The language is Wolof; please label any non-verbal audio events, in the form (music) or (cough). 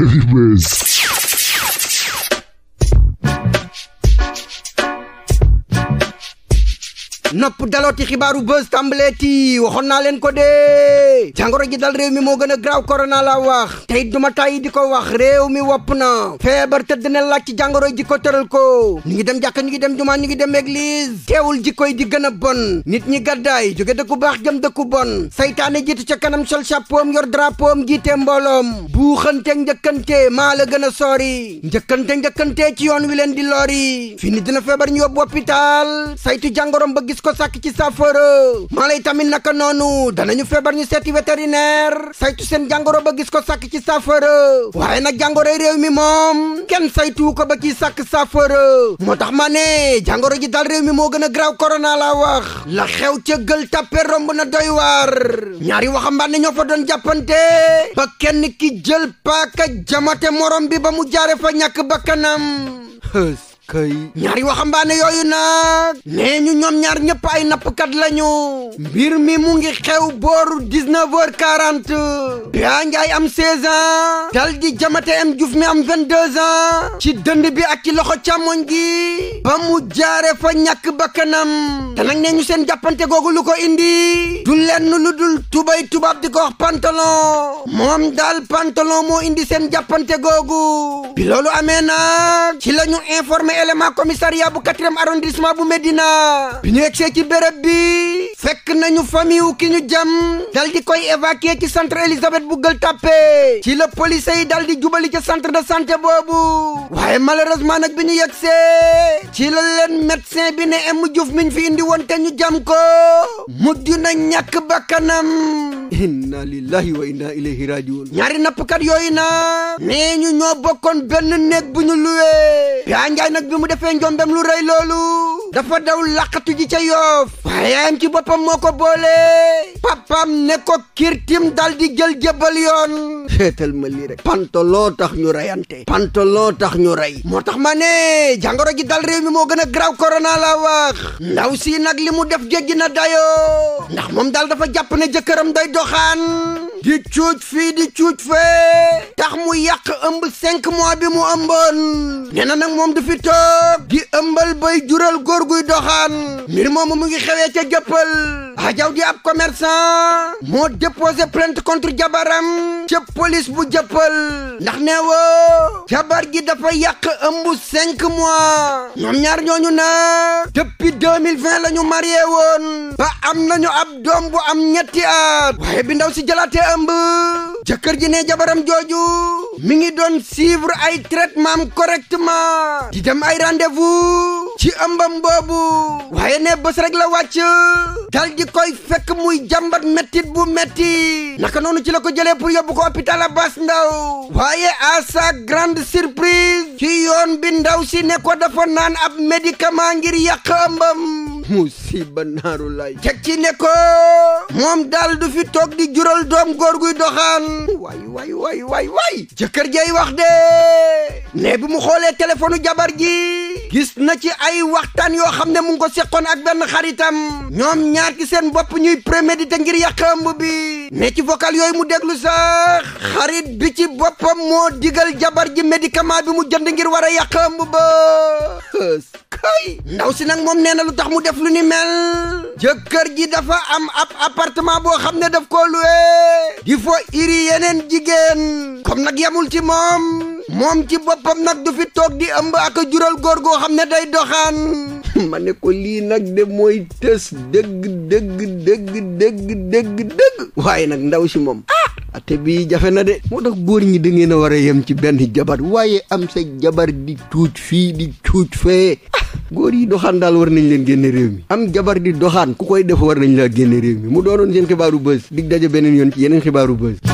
Heavy Mess. nopp dalooti xibaaru buzz tàmbaleeti waxoon naa leen ko dee jàngoro ji dal réew mi moo gën a graaw korona la wax tey duma tàyyi di ko wax réew mi wopp na feebar tëdd na laaj ci jàngoro ji ko tëral ko ñu ngi dem jàkka ñu ngi dem jumaa ñu ngi dem église teewul ji koy di gën a bon nit ñi gàddaay jóge dëkku baax jëm dëkku bon saytaane jiitu ca kanam sol chapeau am yor drapeau am jiite mbooloom buuxante njëkkante maa la gën a sori njëkkante njëkkante ci yoon wi leen di lori fini dina feebar ñu yóbbu hôpital saytu jàngoroom ba gis ko sàkk ci saafara mala yi tamit naka noonu danañu feebar ñu seeti vétérinaire saytu seen jàngoro ba gis ko sàkk ci saafara waaye nag jàngoroy réew mi moom kenn saytu ko ba ci sàkk saafara moo tax ma ne jàngoro ji daal réew mi moo gën a graaw corona laa wax la xew ca gël tàppe romb na doy waar ñaari waxambaane ñoo fa doon jàppante ba kenn ki jël pa jamate morom bi ba mu jaare fa ñàkk bakkanam kay ñaari waxambaane yooyu nag nee ñu ñoom ñaar ñëpp ay nappkat lañu mbir mi mu ngi xew booru 19 heures 40 Béa Ndiaye am 16 ans dal di Jamate M Diouf mi am ci dënd bi ak ci loxo càmmoñ gi ba mu jaare fa ñàkk bakkanam te nag nee ñu seen jàppante googu lu ko indi du lenn lu dul tubay tubaab di ko wax moom daal pantalon moo indi seen jàppante googu bi amee nag ci lañu informé élément commissariat bu quatrième arrondissement bu Médina bi ñu ci béréb bi fekk nañu famille ki ñu jam dal di koy évacuer bu Gueule ci la police yi dal di jubali ca centre de santé boobu waaye malheureusement nag bi ñu yegsee ci la leen médecin bi ne Emu Diouf fi indi woon te ñu jam ko mujj na ñàkk bakkanam inna lillahi wa inna ilayhi rajiun ñaari nappkat yooyu na nee ñu ñoo bokkoon benn néeg bu ñu luwee Pia Ndiaye bi mu defee njombem lu rëy loolu dafa daw làqatu ji ca yoof ci boppam moo ko boole papam ne ko kirtim dal di jël jébbal yoon seetal ma lii rek pantalon tax ñu reyante pantalon tax ñu rey moo tax ma ne jàngoro ji dal réew mi moo gën a graw korona la ndaw si nag li mu def jéggi na dayoo ndax moom daal dafa jàpp ne jëkkëram day doxaan di cuuc fii di cuuc fee tax mu yàq ëmb cinq mois bi mu ëmboon nee na moom du fi toog di ëmbal bay jural góor guy doxaan mbir moomu mu ngi xewee ca jëppal ajaw di ab commerçant moo déposé plainte contre jabaram ca police bu jëppal ndax nee woo jabar gi dafa yàq ëmb cinq mois ñoom ñaar ñooñu nag depuis lañu la ñu marié ba am nañu ab doom bu am ñetti at waaye bi ndaw si jëlaatee ëmb jëkkër ji ne jabaram jooju mi ngi doon suivre ay traitement am correctement di dem ay rendez-vous ci ëmbam boobu waaye ne bés rek la wàcc dal di koy fekk muy jàmbat mettit bu metti naka noonu ci la ko jëlee pour yóbbu ko hôpital Abass Ndao waaye à sa grande ci yoon bi ndaw si ne ko dafa naan ab médicament ngir yàq ëmbam musiba naaru lay teg ci ne ko moom daal du fi toog di jural doom góor guy doxaan waay waay way waay waay jëkkër jay wax dee ne bi mu xoolee téléphone jabar ji gis na ci ay waxtaan yoo xam ne mu ko seqoon ak benn xaritam ñoom ñaar ci seen bopp ñuy prémédité ngir yàq ëmb bi ne ci vocal yooyu mu déglu sax xarit bi ci boppam moo digal jabar ji médicament bi mu jënd ngir war a yàq ëmb ba ndaw si nag moom nee na lu tax mu def lu ni mel jëkkër ji dafa am ab appartement boo xam ne daf ko luwe di fo iri yeneen jigéen comme nag yamul ci moom moom ci boppam nag du fi toog di ëmb ak a jural góor goo xam ne day doxaan (laughs) ma ne ko lii nag de mooy tës dëgg dëgg dëgg dëgg dëgg dëgg waaye nag ndaw si moom ate ah! bii jafe na de moo tax góor ñi da ngeen a war a yem ci benn jabar waaye am sa jabar di cuuc fii di cuuc fee ah! góor yi doxaan daal war nañ leen génne réew mi am jabar di doxaan ku koy def war nañ laa génne réew mi mu doonoon seen xibaaru bës dig daje beneen yoon ci yeneen xibaaru bës